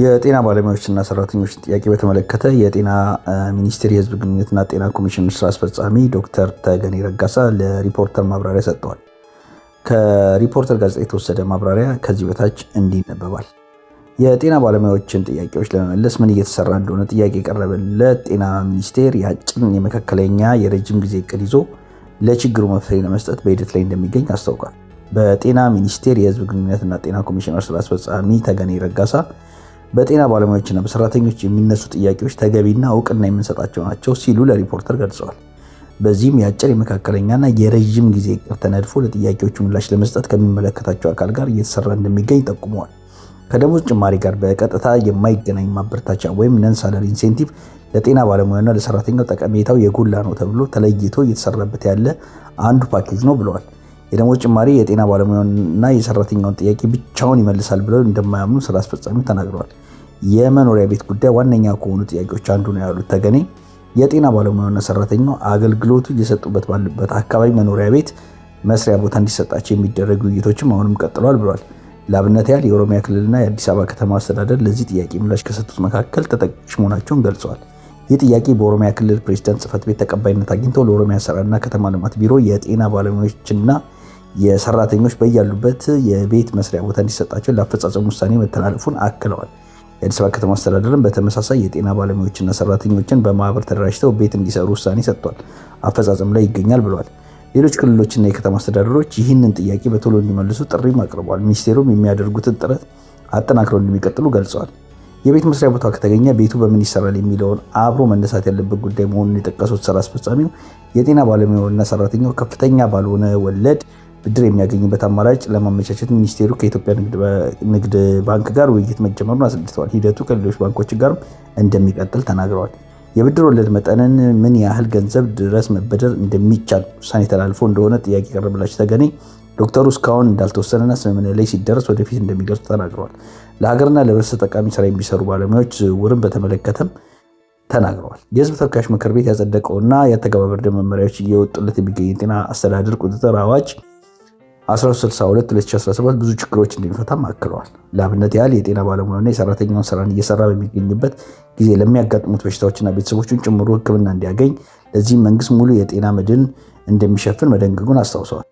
የጤና ባለሙያዎችና ሰራተኞች ጥያቄ በተመለከተ የጤና ሚኒስቴር የህዝብ ግንኙነትና ጤና ኮሚሽን ስራ አስፈጻሚ ዶክተር ተገኔ ረጋሳ ለሪፖርተር ማብራሪያ ሰጥተዋል። ከሪፖርተር ጋዜጣ የተወሰደ ማብራሪያ ከዚህ በታች እንዲህ ይነበባል። የጤና ባለሙያዎችን ጥያቄዎች ለመመለስ ምን እየተሰራ እንደሆነ ጥያቄ የቀረበለት ጤና ሚኒስቴር የአጭን የመካከለኛ፣ የረጅም ጊዜ እቅድ ይዞ ለችግሩ መፍትሄ ለመስጠት በሂደት ላይ እንደሚገኝ አስታውቋል። በጤና ሚኒስቴር የህዝብ ግንኙነትና ጤና ኮሚሽነር ስራ አስፈጻሚ ተገኔ ረጋሳ በጤና ባለሙያዎችና በሰራተኞች የሚነሱ ጥያቄዎች ተገቢና እውቅና የምንሰጣቸው ናቸው ሲሉ ለሪፖርተር ገልጸዋል። በዚህም የአጭር የመካከለኛና የረዥም ጊዜ እቅድ ተነድፎ ለጥያቄዎቹ ምላሽ ለመስጠት ከሚመለከታቸው አካል ጋር እየተሰራ እንደሚገኝ ጠቁመዋል። ከደሞዝ ጭማሪ ጋር በቀጥታ የማይገናኝ ማበረታቻ ወይም ነን ሳለሪ ኢንሴንቲቭ ለጤና ባለሙያና ለሰራተኛው ጠቀሜታው የጎላ ነው ተብሎ ተለይቶ እየተሰራበት ያለ አንዱ ፓኬጅ ነው ብለዋል። የደሞዝ ጭማሪ የጤና ባለሙያውንና የሰራተኛውን ጥያቄ ብቻውን ይመልሳል ብለው እንደማያምኑ ስራ አስፈጻሚ ተናግረዋል። የመኖሪያ ቤት ጉዳይ ዋነኛ ከሆኑ ጥያቄዎች አንዱ ነው ያሉት ተገኔ የጤና ባለሙያውና ሰራተኛው አገልግሎቱ እየሰጡበት ባለበት አካባቢ መኖሪያ ቤት መስሪያ ቦታ እንዲሰጣቸው የሚደረግ ውይይቶችም አሁንም ቀጥለዋል ብሏል። ለአብነት ያህል የኦሮሚያ ክልልና የአዲስ አበባ ከተማ አስተዳደር ለዚህ ጥያቄ ምላሽ ከሰጡት መካከል ተጠቃሽ መሆናቸውን ገልጸዋል። ይህ ጥያቄ በኦሮሚያ ክልል ፕሬዝዳንት ጽህፈት ቤት ተቀባይነት አግኝቶ ለኦሮሚያ ስራና ከተማ ልማት ቢሮ የጤና ባለሙያዎችና የሰራተኞች በያሉበት የቤት መስሪያ ቦታ እንዲሰጣቸው ለአፈጻጸም ውሳኔ መተላለፉን አክለዋል። የአዲስ አበባ ከተማ አስተዳደርም በተመሳሳይ የጤና ባለሙያዎችና ሰራተኞችን በማህበር ተደራጅተው ቤት እንዲሰሩ ውሳኔ ሰጥቷል፣ አፈጻጸም ላይ ይገኛል ብለዋል። ሌሎች ክልሎችና የከተማ አስተዳደሮች ይህንን ጥያቄ በቶሎ እንዲመልሱ ጥሪም አቅርበዋል። ሚኒስቴሩም የሚያደርጉትን ጥረት አጠናክረው እንደሚቀጥሉ ገልጸዋል። የቤት መስሪያ ቦታ ከተገኘ ቤቱ በምን ይሰራል የሚለውን አብሮ መነሳት ያለበት ጉዳይ መሆኑን የጠቀሱት ስራ አስፈጻሚው የጤና ባለሙያውና ሰራተኛው ከፍተኛ ባልሆነ ወለድ ብድር የሚያገኝበት አማራጭ ለማመቻቸት ሚኒስቴሩ ከኢትዮጵያ ንግድ ባንክ ጋር ውይይት መጀመሩን አስረድተዋል። ሂደቱ ከሌሎች ባንኮች ጋር እንደሚቀጥል ተናግረዋል። የብድር ወለድ መጠንን ምን ያህል ገንዘብ ድረስ መበደር እንደሚቻል ውሳኔ ተላልፎ እንደሆነ ጥያቄ ቀረበላቸው ተገኔ ዶክተሩ እስካሁን እንዳልተወሰነና ስምምነት ላይ ሲደረስ ወደፊት እንደሚገልጹ ተናግረዋል። ለሀገርና ለህብረተሰብ ጠቃሚ ስራ የሚሰሩ ባለሙያዎች ዝውውርን በተመለከተም ተናግረዋል። የህዝብ ተወካዮች ምክር ቤት ያጸደቀውና የአተገባበር መመሪያዎች እየወጡለት የሚገኝ የጤና አስተዳደር ቁጥጥር አዋጅ 1362/2017 ብዙ ችግሮች እንደሚፈታም አክለዋል። ለአብነት ያህል የጤና ባለሙያና የሰራተኛውን ስራን እየሰራ በሚገኝበት ጊዜ ለሚያጋጥሙት በሽታዎችና ቤተሰቦቹን ጭምሩ ህክምና እንዲያገኝ ለዚህም መንግስት ሙሉ የጤና መድን እንደሚሸፍን መደንገጉን አስታውሰዋል።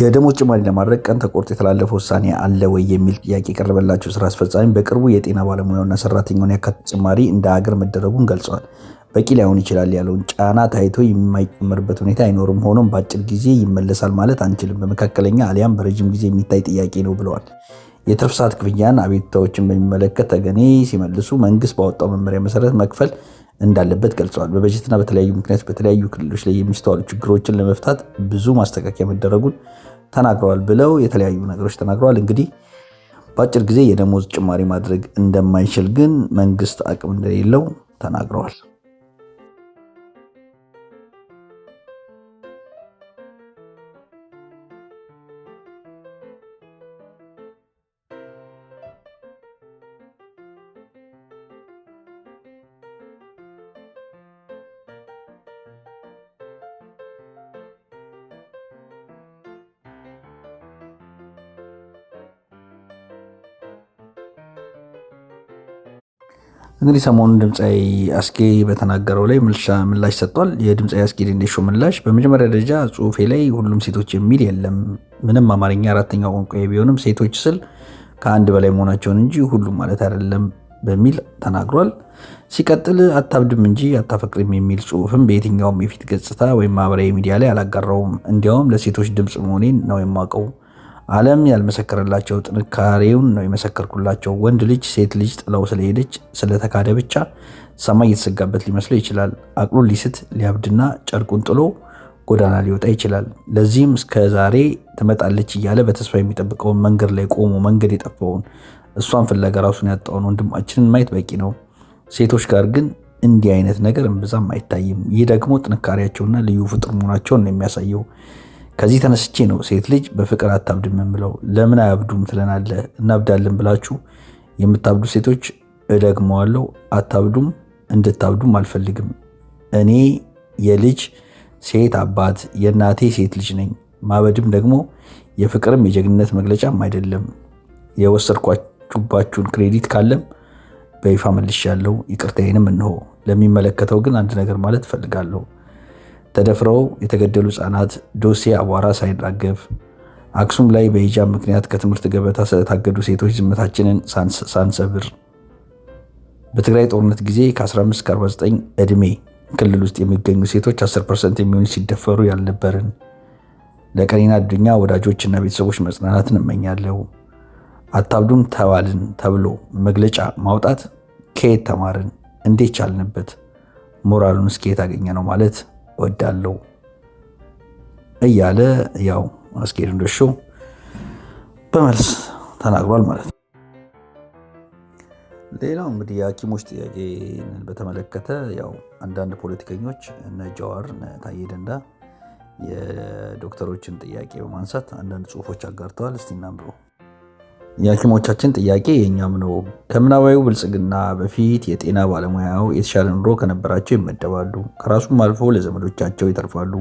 የደሞዝ ጭማሪ ለማድረግ ቀን ተቆርጦ የተላለፈ ውሳኔ አለ ወይ የሚል ጥያቄ የቀረበላቸው ስራ አስፈጻሚ በቅርቡ የጤና ባለሙያውና ሰራተኛውን ያካተተ ጭማሪ እንደ ሀገር መደረጉን ገልጸዋል። በቂ ላይሆን ይችላል ያለውን ጫና ታይቶ የማይጨምርበት ሁኔታ አይኖርም። ሆኖም በአጭር ጊዜ ይመለሳል ማለት አንችልም። በመካከለኛ አሊያም በረጅም ጊዜ የሚታይ ጥያቄ ነው ብለዋል። የትርፍ ሰዓት ክፍያን አቤቱታዎችን በሚመለከት ተገኔ ሲመልሱ መንግስት ባወጣው መመሪያ መሰረት መክፈል እንዳለበት ገልጸዋል። በበጀትና በተለያዩ ምክንያቶች በተለያዩ ክልሎች ላይ የሚስተዋሉ ችግሮችን ለመፍታት ብዙ ማስተካከያ መደረጉን ተናግረዋል ብለው የተለያዩ ነገሮች ተናግረዋል። እንግዲህ በአጭር ጊዜ የደሞዝ ጭማሪ ማድረግ እንደማይችል ግን መንግስት አቅም እንደሌለው ተናግረዋል። እንግዲህ ሰሞኑን ድምፃዊ አስጌ በተናገረው ላይ ምላሽ ሰጥቷል። የድምፃዊ አስጌ ዴንዴሾ ምላሽ በመጀመሪያ ደረጃ ጽሁፌ ላይ ሁሉም ሴቶች የሚል የለም። ምንም አማርኛ አራተኛ ቋንቋ ቢሆንም ሴቶች ስል ከአንድ በላይ መሆናቸውን እንጂ ሁሉም ማለት አይደለም በሚል ተናግሯል። ሲቀጥል አታብድም እንጂ አታፈቅርም የሚል ጽሁፍም በየትኛውም የፊት ገጽታ ወይም ማህበራዊ ሚዲያ ላይ አላጋራውም። እንዲያውም ለሴቶች ድምፅ መሆኔን ነው የማውቀው ዓለም ያልመሰከረላቸው ጥንካሬውን ነው የመሰከርኩላቸው። ወንድ ልጅ ሴት ልጅ ጥለው ስለሄደች ስለተካደ ብቻ ሰማይ የተሰጋበት ሊመስለው ይችላል። አቅሉን ሊስት ሊያብድና ጨርቁን ጥሎ ጎዳና ሊወጣ ይችላል። ለዚህም እስከ ዛሬ ትመጣለች እያለ በተስፋ የሚጠብቀውን መንገድ ላይ ቆሞ መንገድ የጠፋውን እሷን ፍለጋ ራሱን ያጣውን ወንድማችንን ማየት በቂ ነው። ሴቶች ጋር ግን እንዲህ አይነት ነገር እምብዛም አይታይም። ይህ ደግሞ ጥንካሬያቸውና ልዩ ፍጡር መሆናቸውን ነው የሚያሳየው። ከዚህ ተነስቼ ነው ሴት ልጅ በፍቅር አታብድም የምለው። ለምን አያብዱም ትለናለ። እናብዳለን ብላችሁ የምታብዱ ሴቶች እደግመዋለሁ፣ አታብዱም። እንድታብዱም አልፈልግም። እኔ የልጅ ሴት አባት የእናቴ ሴት ልጅ ነኝ። ማበድም ደግሞ የፍቅርም የጀግንነት መግለጫም አይደለም። የወሰድኳችሁባችሁን ክሬዲት ካለም በይፋ መልሻለሁ። ይቅርታዬንም እንሆ። ለሚመለከተው ግን አንድ ነገር ማለት እፈልጋለሁ። ተደፍረው የተገደሉ ህጻናት ዶሴ አቧራ ሳይራገፍ አክሱም ላይ በሂጃብ ምክንያት ከትምህርት ገበታ ስለታገዱ ሴቶች ዝምታችንን ሳንሰብር በትግራይ ጦርነት ጊዜ ከ15-49 ዕድሜ ክልል ውስጥ የሚገኙ ሴቶች 10 ፐርሰንት የሚሆኑ ሲደፈሩ ያልነበርን ለቀኒና አዱኛ ወዳጆችና ቤተሰቦች መጽናናት እመኛለሁ። አታብዱም ተባልን ተብሎ መግለጫ ማውጣት ከየት ተማርን? እንዴት ቻልንበት? ሞራሉን እስከ አገኘ ነው ማለት ወዳለው እያለ ያው አስጌድ እንደሾ በመልስ ተናግሯል ማለት ነው። ሌላው እንግዲህ የሐኪሞች ጥያቄ በተመለከተ ያው አንዳንድ ፖለቲከኞች እነ ጀዋር እነ ታዬ ደንዳ የዶክተሮችን ጥያቄ በማንሳት አንዳንድ ጽሁፎች አጋርተዋል። እስቲ እናንብበው። የሐኪሞቻችን ጥያቄ የእኛም ነው። ከምናባዊ ብልጽግና በፊት የጤና ባለሙያው የተሻለ ኑሮ ከነበራቸው ይመደባሉ፣ ከራሱም አልፎ ለዘመዶቻቸው ይተርፋሉ።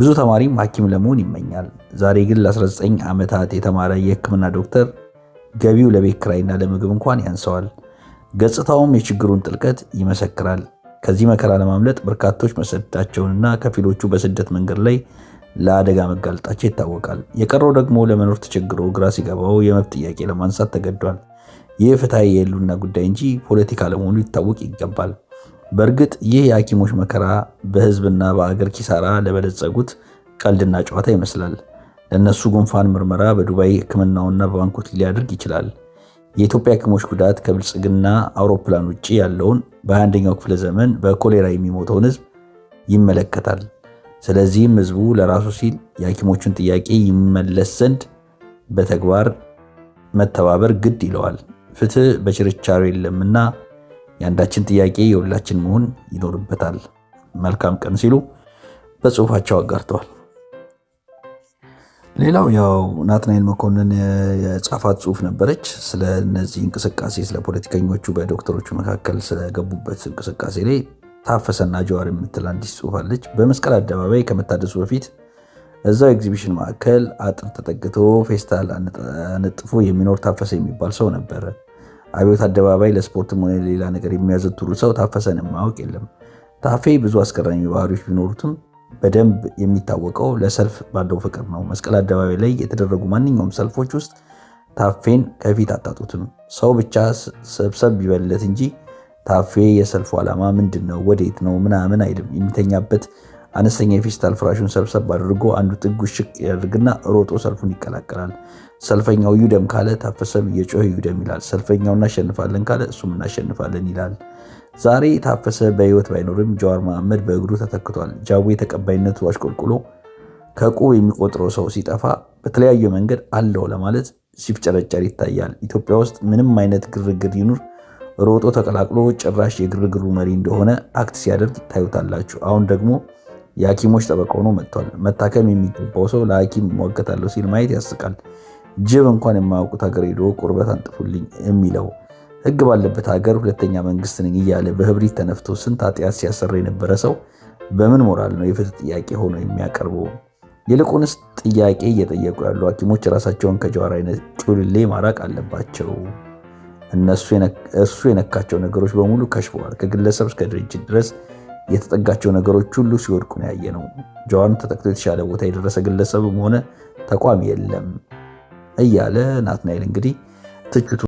ብዙ ተማሪም ሐኪም ለመሆን ይመኛል። ዛሬ ግን ለ19 ዓመታት የተማረ የህክምና ዶክተር ገቢው ለቤት ክራይና ለምግብ እንኳን ያንሰዋል። ገጽታውም የችግሩን ጥልቀት ይመሰክራል። ከዚህ መከራ ለማምለጥ በርካቶች መሰደዳቸውንና ከፊሎቹ በስደት መንገድ ላይ ለአደጋ መጋለጣቸው ይታወቃል። የቀረው ደግሞ ለመኖር ተቸግሮ ግራ ሲገባው የመብት ጥያቄ ለማንሳት ተገዷል። ይህ ፍትሐዊ የህልውና ጉዳይ እንጂ ፖለቲካ ለመሆኑ ሊታወቅ ይገባል። በእርግጥ ይህ የሐኪሞች መከራ በህዝብና በአገር ኪሳራ ለበለጸጉት ቀልድና ጨዋታ ይመስላል። ለእነሱ ጉንፋን ምርመራ በዱባይ ሕክምናውና በባንኮች ሊያደርግ ይችላል። የኢትዮጵያ ሐኪሞች ጉዳት ከብልጽግና አውሮፕላን ውጭ ያለውን በ21ኛው ክፍለ ዘመን በኮሌራ የሚሞተውን ህዝብ ይመለከታል። ስለዚህም ህዝቡ ለራሱ ሲል የሐኪሞቹን ጥያቄ ይመለስ ዘንድ በተግባር መተባበር ግድ ይለዋል። ፍትህ በችርቻሮ የለምና የአንዳችን ጥያቄ የሁላችን መሆን ይኖርበታል። መልካም ቀን ሲሉ በጽሁፋቸው አጋርተዋል። ሌላው ያው ናትናኤል መኮንን የጻፋት ጽሁፍ ነበረች። ስለነዚህ እንቅስቃሴ ስለ ፖለቲከኞቹ በዶክተሮቹ መካከል ስለገቡበት እንቅስቃሴ ላይ ታፈሰና ጀዋር የምትል አንዲት ጽሑፍ አለች። በመስቀል አደባባይ ከመታደሱ በፊት እዛው ኤግዚቢሽን ማዕከል አጥር ተጠግቶ ፌስታል አነጥፎ የሚኖር ታፈሰ የሚባል ሰው ነበረ። አብዮት አደባባይ ለስፖርትም ሆነ ሌላ ነገር የሚያዘትሩ ሰው ታፈሰን ማወቅ የለም። ታፌ ብዙ አስገራሚ ባህሪዎች ቢኖሩትም በደንብ የሚታወቀው ለሰልፍ ባለው ፍቅር ነው። መስቀል አደባባይ ላይ የተደረጉ ማንኛውም ሰልፎች ውስጥ ታፌን ከፊት አታጡትም። ሰው ብቻ ሰብሰብ ቢበልለት እንጂ ታፌ የሰልፉ ዓላማ ምንድን ነው? ወዴት ነው? ምናምን አይልም። የሚተኛበት አነስተኛ የፌስታል ፍራሹን ሰብሰብ አድርጎ አንዱ ጥጉ ሽቅ ያደርግና ሮጦ ሰልፉን ይቀላቀላል። ሰልፈኛው ዩደም ካለ ታፈሰም የጮኸ ዩደም ይላል። ሰልፈኛው እናሸንፋለን ካለ እሱም እናሸንፋለን ይላል። ዛሬ ታፈሰ በህይወት ባይኖርም ጀዋር መሐመድ በእግሩ ተተክቷል። ጃዌ ተቀባይነቱ አሽቆልቁሎ ከቁብ የሚቆጥረው ሰው ሲጠፋ በተለያየ መንገድ አለው ለማለት ሲፍጨረጨር ይታያል። ኢትዮጵያ ውስጥ ምንም አይነት ግርግር ይኑር ሮጦ ተቀላቅሎ ጭራሽ የግርግሩ መሪ እንደሆነ አክት ሲያደርግ ታዩታላችሁ። አሁን ደግሞ የሐኪሞች ጠበቃ ሆኖ መጥቷል። መታከም የሚገባው ሰው ለሐኪም እሟገታለሁ ሲል ማየት ያስቃል። ጅብ እንኳን የማያውቁት ሀገር ሄዶ ቁርበት አንጥፉልኝ የሚለው ሕግ ባለበት ሀገር ሁለተኛ መንግስት ነኝ እያለ በህብሪት ተነፍቶ ስንት ኃጢአት ሲያሰራ የነበረ ሰው በምን ሞራል ነው የፍትህ ጥያቄ ሆኖ የሚያቀርበው? ይልቁንስ ጥያቄ እየጠየቁ ያሉ ሐኪሞች ራሳቸውን ከጀዋር አይነት ጩልሌ ማራቅ አለባቸው። እሱ የነካቸው ነገሮች በሙሉ ከሽፈዋል። ከግለሰብ እስከ ድርጅት ድረስ የተጠጋቸው ነገሮች ሁሉ ሲወድቁ ነው ያየ ነው። ጆን ተጠቅቶ የተሻለ ቦታ የደረሰ ግለሰብም ሆነ ተቋም የለም እያለ ናትናኤል እንግዲህ ትችቱ